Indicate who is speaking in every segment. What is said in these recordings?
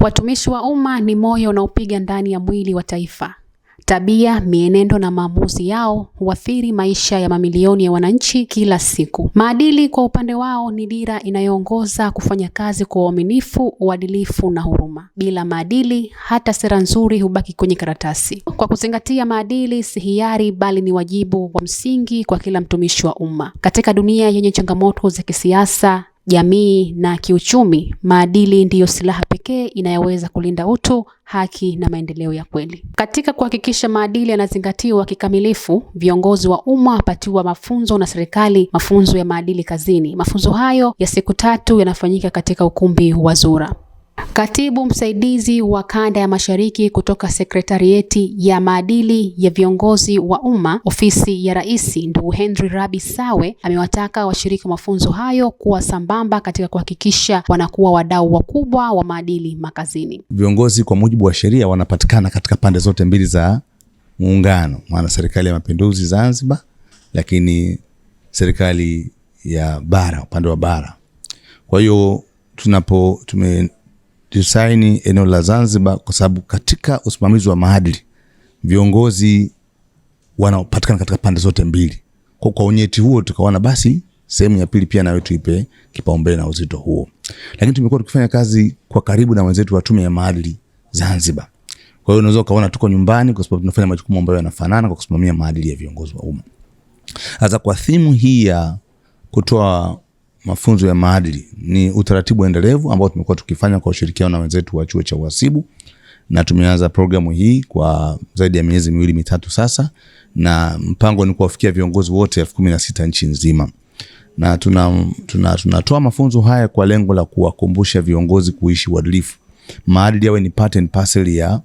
Speaker 1: Watumishi wa umma ni moyo unaopiga ndani ya mwili wa taifa. Tabia, mienendo na maamuzi yao huathiri maisha ya mamilioni ya wananchi kila siku. Maadili kwa upande wao ni dira inayoongoza kufanya kazi kwa uaminifu, uadilifu na huruma. Bila maadili, hata sera nzuri hubaki kwenye karatasi. Kwa kuzingatia maadili, si hiari bali ni wajibu wa msingi kwa kila mtumishi wa umma. Katika dunia yenye changamoto za kisiasa, jamii na kiuchumi, maadili ndiyo silaha pekee inayoweza kulinda utu, haki na maendeleo ya kweli. Katika kuhakikisha maadili yanazingatiwa kikamilifu, viongozi wa umma wapatiwa mafunzo na serikali, mafunzo ya maadili kazini. Mafunzo hayo ya siku tatu yanafanyika katika ukumbi wa Zura. Katibu msaidizi wa kanda ya Mashariki kutoka Sekretarieti ya Maadili ya Viongozi wa Umma, Ofisi ya Rais, ndugu Henry Rabi Sawe amewataka washiriki mafunzo hayo kuwa sambamba katika kuhakikisha wanakuwa wadau wakubwa wa maadili makazini.
Speaker 2: Viongozi kwa mujibu wa sheria wanapatikana katika pande zote mbili za muungano, maana serikali ya mapinduzi Zanzibar, lakini serikali ya bara upande wa bara. Kwa hiyo tunapo tume tusaini eneo la Zanzibar, kwa sababu katika usimamizi wa maadili viongozi wanaopatikana katika pande zote mbili. Kwa kwa unyeti huo, tukaona basi sehemu ya pili pia nayo tuipe kipaumbele na uzito huo, lakini tumekuwa tukifanya kazi kwa karibu na wenzetu wa Tume ya Maadili Zanzibar. Kwa hiyo unaweza ukaona tuko nyumbani, kwa sababu tunafanya majukumu ambayo yanafanana kwa kusimamia maadili ya viongozi wa umma. Sasa kwa thimu hii ya kutoa mafunzo ya maadili ni utaratibu endelevu ambao tumekuwa tukifanya kwa ushirikiano na wenzetu wa chuo cha uhasibu, na tumeanza programu hii kwa zaidi ya miezi miwili mitatu sasa, na mpango ni kuwafikia viongozi wote elfu kumi na sita nchi nzima, na tunatoa tuna, tuna mafunzo haya kwa lengo la kuwakumbusha viongozi kuishi uadilifu. Maadili yawe ni part and parcel ya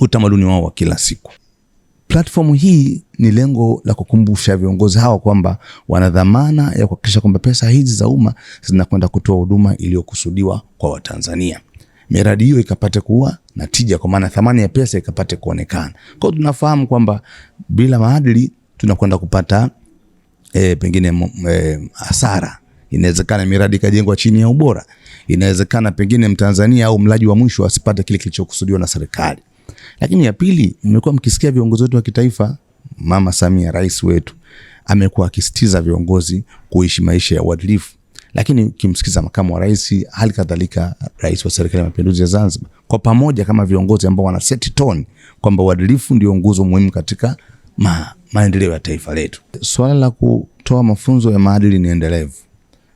Speaker 2: utamaduni wao wa kila siku platform hii ni lengo la kukumbusha viongozi hawa kwamba wana dhamana ya kuhakikisha kwamba pesa hizi za umma zinakwenda kutoa huduma iliyokusudiwa kwa Watanzania, miradi hiyo ikapate kuwa na tija, kwa maana thamani ya pesa ikapate kuonekana. Kwa hiyo tunafahamu kwamba bila maadili tunakwenda kupata e, pengine e, hasara. Inawezekana miradi ikajengwa chini ya ubora, inawezekana pengine Mtanzania au mlaji wa mwisho asipate kile kilichokusudiwa na serikali. Lakini ya pili, mmekuwa mkisikia viongozi wetu wa kitaifa, Mama Samia rais wetu amekuwa akisitiza viongozi kuishi maisha ya uadilifu, lakini ukimsikiza makamu wa rais, hali kadhalika rais wa serikali ya mapinduzi ya Zanzibar, kwa pamoja kama viongozi ambao wana set tone kwamba uadilifu ndio nguzo muhimu katika ma, maendeleo ya taifa letu. Swala la kutoa mafunzo ya maadili ni endelevu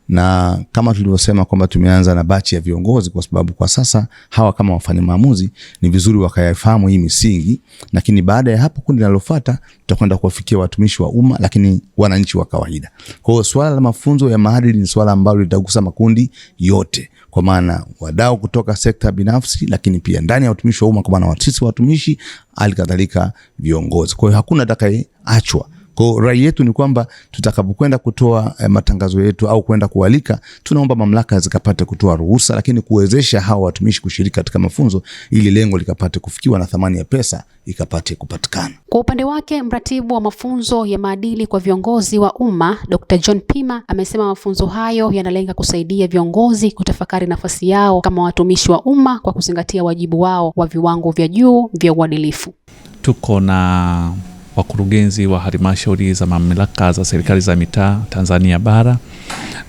Speaker 2: na kama tulivyosema kwamba tumeanza na bachi ya viongozi, kwa sababu kwa sasa hawa kama wafanya maamuzi ni vizuri wakayafahamu hii misingi, lakini baada ya hapo kundi linalofuata tutakwenda kuwafikia watumishi wa umma, lakini wananchi wa kawaida. Kwa hiyo swala la mafunzo ya maadili ni swala ambalo litagusa makundi yote, kwa maana wadau kutoka sekta binafsi, lakini pia ndani ya utumishi wa umma, kwa maana sisi watumishi, hali kadhalika viongozi. Kwa hiyo hakuna atakayeachwa kwa rai yetu ni kwamba tutakapokwenda kutoa eh, matangazo yetu au kwenda kualika, tunaomba mamlaka zikapate kutoa ruhusa, lakini kuwezesha hawa watumishi kushiriki katika mafunzo ili lengo likapate kufikiwa na thamani ya pesa ikapate kupatikana.
Speaker 1: Kwa upande wake, mratibu wa mafunzo ya maadili kwa viongozi wa umma Dr. John Pima amesema mafunzo hayo yanalenga kusaidia viongozi kutafakari nafasi yao kama watumishi wa umma kwa kuzingatia wajibu wao wa viwango vya juu vya uadilifu.
Speaker 3: Tuko na wakurugenzi wa halmashauri za mamlaka za serikali za mitaa Tanzania bara,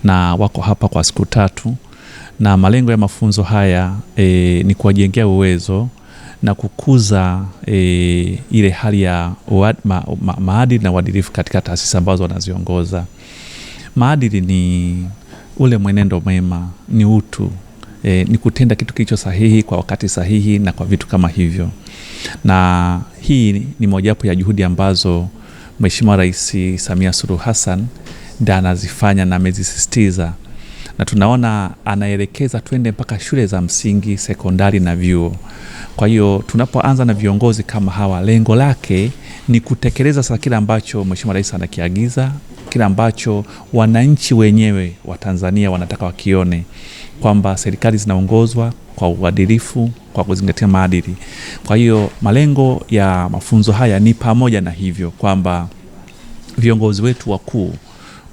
Speaker 3: na wako hapa kwa siku tatu, na malengo ya mafunzo haya e, ni kuwajengea uwezo na kukuza e, ile hali ya ma, ma, maadili na uadilifu katika taasisi ambazo wanaziongoza. Maadili ni ule mwenendo mwema, ni utu e, ni kutenda kitu kilicho sahihi kwa wakati sahihi na kwa vitu kama hivyo, na hii ni mojawapo ya juhudi ambazo Mheshimiwa Rais Samia Suluhu Hassan nda anazifanya na amezisisitiza, na tunaona anaelekeza twende mpaka shule za msingi, sekondari na vyuo. Kwa hiyo tunapoanza na viongozi kama hawa, lengo lake ni kutekeleza sasa kile ambacho mweshimua Rais anakiagiza, kile ambacho wananchi wenyewe wa Tanzania wanataka wakione kwamba serikali zinaongozwa kwa uadilifu kwa kuzingatia maadili. Kwa hiyo malengo ya mafunzo haya ni pamoja na hivyo kwamba viongozi wetu wakuu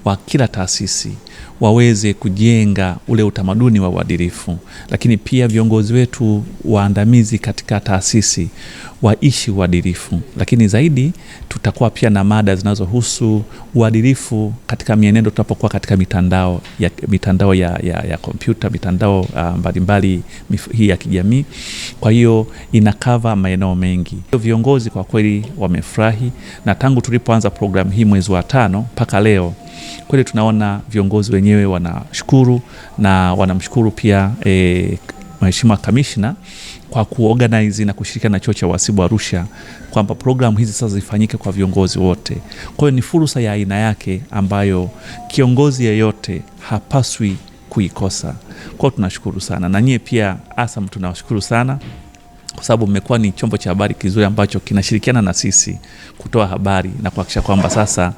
Speaker 3: wa kila taasisi waweze kujenga ule utamaduni wa uadilifu, lakini pia viongozi wetu waandamizi katika taasisi waishi uadilifu. Lakini zaidi tutakuwa pia na mada zinazohusu uadilifu katika mienendo tunapokuwa katika mitandao ya mitandao ya, ya, ya kompyuta, mitandao uh, mbalimbali hii ya kijamii. Kwa hiyo inakava maeneo mengi. Viongozi kwa kweli wamefurahi, na tangu tulipoanza programu hii mwezi wa tano mpaka leo kweli tunaona viongozi wenyewe wanashukuru na wanamshukuru pia e, Mheshimiwa Kamishna kwa kuorganize na kushirikiana na chuo cha uhasibu Arusha kwamba programu hizi sasa zifanyike kwa viongozi wote. Kwa hiyo ni fursa ya aina yake ambayo kiongozi yeyote hapaswi kuikosa. Kwa hiyo tunashukuru sana na nyie pia ASAM tunawashukuru sana kwa sababu mmekuwa ni chombo cha habari kizuri ambacho kinashirikiana na sisi kutoa habari na kuhakikisha kwamba sasa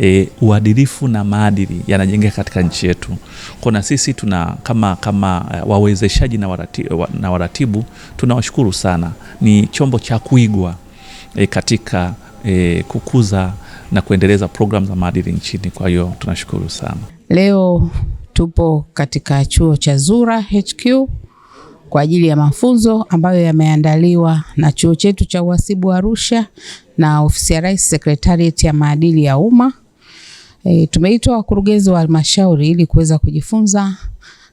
Speaker 3: e, uadilifu na maadili yanajengeka katika nchi yetu. Kwa na sisi tuna kama, kama e, wawezeshaji na waratibu, na waratibu tunawashukuru sana, ni chombo cha kuigwa e, katika e, kukuza na kuendeleza programu za maadili nchini. Kwa hiyo tunashukuru sana.
Speaker 4: Leo tupo katika chuo cha Zura HQ kwa ajili ya mafunzo ambayo yameandaliwa na chuo chetu cha uhasibu Arusha na ofisi ya Rais Secretariat ya maadili ya umma. E, tumeitwa wakurugenzi wa halmashauri ili kuweza kujifunza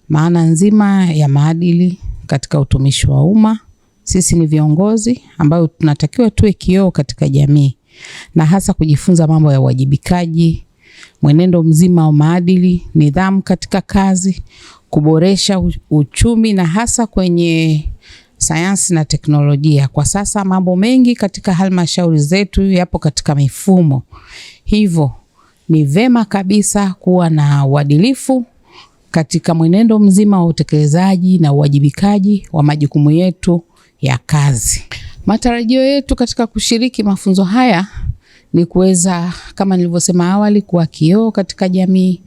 Speaker 4: maana nzima ya maadili katika utumishi wa umma. Sisi ni viongozi ambayo tunatakiwa tuwe kioo katika jamii na hasa kujifunza mambo ya uwajibikaji, mwenendo mzima wa maadili, nidhamu katika kazi, kuboresha uchumi na hasa kwenye sayansi na teknolojia. Kwa sasa mambo mengi katika halmashauri zetu yapo katika mifumo, hivyo ni vema kabisa kuwa na uadilifu katika mwenendo mzima wa utekelezaji na uwajibikaji wa majukumu yetu ya kazi. Matarajio yetu katika kushiriki mafunzo haya ni kuweza, kama nilivyosema awali, kuwa kioo katika jamii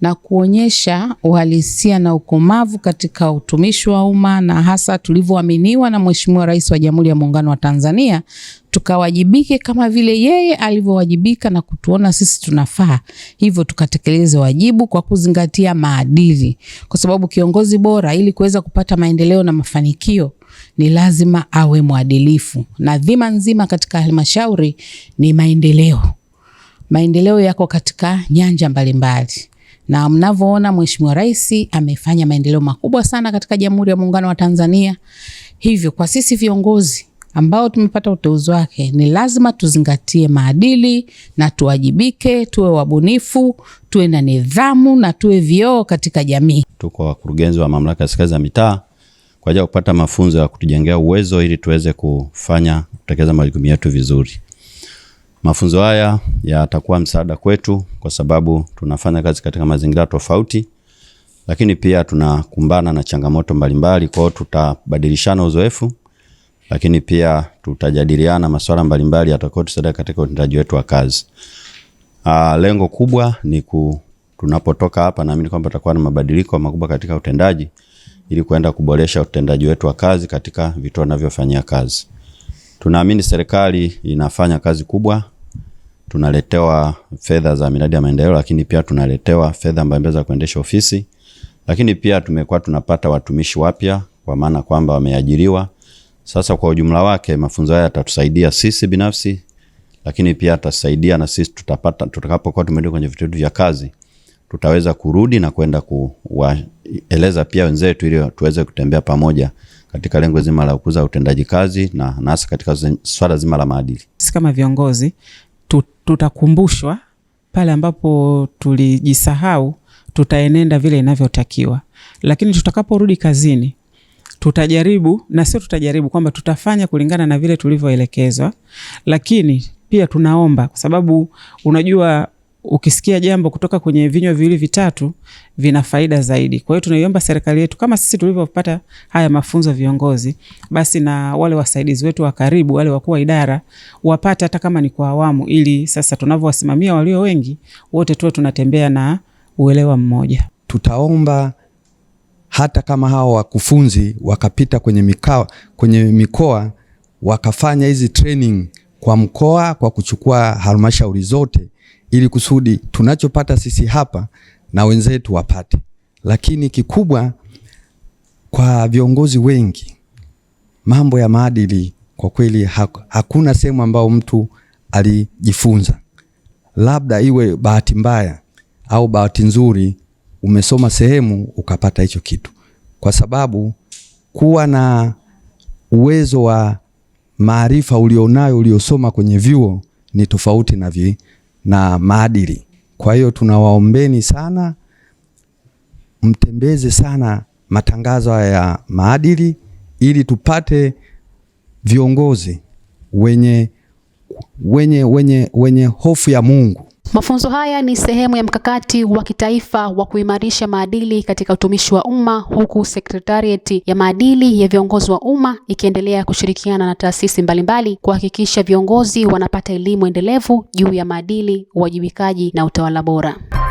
Speaker 4: na kuonyesha uhalisia na ukomavu katika utumishi wa umma na hasa tulivyoaminiwa na Mheshimiwa Rais wa Jamhuri ya Muungano wa Tanzania, tukawajibike kama vile yeye alivyowajibika na kutuona sisi tunafaa, hivyo tukatekeleze wajibu kwa kuzingatia maadili, kwa sababu kiongozi bora ili kuweza kupata maendeleo na mafanikio ni lazima awe mwadilifu, na dhima nzima katika halmashauri ni maendeleo. Maendeleo yako katika nyanja mbalimbali mbali na mnavyoona Mheshimiwa Rais amefanya maendeleo makubwa sana katika Jamhuri ya Muungano wa Tanzania. Hivyo kwa sisi viongozi ambao tumepata uteuzi wake ni lazima tuzingatie maadili na tuwajibike, tuwe wabunifu, tuwe na nidhamu na tuwe vioo katika jamii.
Speaker 5: Tuko wakurugenzi wa mamlaka ya serikali za mitaa kwa ajili ya kupata mafunzo ya kutujengea uwezo ili tuweze kufanya kutekeleza majukumu yetu vizuri. Mafunzo haya yatakuwa msaada kwetu kwa sababu tunafanya kazi katika mazingira tofauti, lakini pia tunakumbana na changamoto mbalimbali. Kwa hiyo tutabadilishana uzoefu, lakini pia tutajadiliana masuala mbalimbali yatakayotusaidia katika utendaji wetu wa kazi. Aa, ah, lengo kubwa ni ku, tunapotoka hapa naamini kwamba tutakuwa na mabadiliko makubwa katika utendaji ili kuenda kuboresha utendaji wetu wa kazi katika vituo tunavyofanyia kazi. Tunaamini serikali inafanya kazi kubwa, tunaletewa fedha za miradi ya maendeleo, lakini pia tunaletewa fedha mbalimbali za kuendesha ofisi, lakini pia tumekuwa tunapata watumishi wapya kwa maana kwamba wameajiriwa. Sasa kwa ujumla wake, mafunzo haya yatatusaidia sisi binafsi, lakini pia atasaidia na sisi tutapata, tutakapokuwa tumeenda kwenye vitu vya kazi tutaweza kurudi na kwenda kuwaeleza pia wenzetu ili tuweze kutembea pamoja katika lengo zima la kukuza utendaji kazi na hasa katika swala zima la maadili.
Speaker 6: Sisi kama viongozi tutakumbushwa pale ambapo tulijisahau, tutaenenda vile inavyotakiwa, lakini tutakaporudi kazini tutajaribu na sio tutajaribu kwamba tutafanya kulingana na vile tulivyoelekezwa, lakini pia tunaomba kwa sababu unajua ukisikia jambo kutoka kwenye vinywa viwili vitatu vina faida zaidi. Kwa hiyo tunaiomba serikali yetu kama sisi tulivyopata haya mafunzo viongozi, basi na wale wasaidizi wetu wa karibu, wale wakuu wa idara wapate, hata kama ni kwa awamu, ili sasa tunavyowasimamia walio wengi wote tuwe tunatembea na uelewa mmoja.
Speaker 7: Tutaomba hata kama hao wakufunzi wakapita kwenye mikoa, kwenye mikoa wakafanya hizi training kwa mkoa, kwa kuchukua halmashauri zote ili kusudi tunachopata sisi hapa na wenzetu wapate. Lakini kikubwa kwa viongozi wengi, mambo ya maadili kwa kweli hakuna sehemu ambayo mtu alijifunza, labda iwe bahati mbaya au bahati nzuri, umesoma sehemu ukapata hicho kitu, kwa sababu kuwa na uwezo wa maarifa ulionayo uliosoma kwenye vyuo ni tofauti na vi na maadili. Kwa hiyo tunawaombeni sana mtembeze sana matangazo haya ya maadili ili tupate viongozi wenye, wenye, wenye, wenye hofu ya Mungu
Speaker 1: Mafunzo haya ni sehemu ya mkakati wa kitaifa wa kuimarisha maadili katika utumishi wa umma huku Sekretarieti ya maadili ya viongozi wa umma ikiendelea kushirikiana na taasisi mbalimbali kuhakikisha viongozi wanapata elimu endelevu juu ya maadili, uwajibikaji na utawala bora.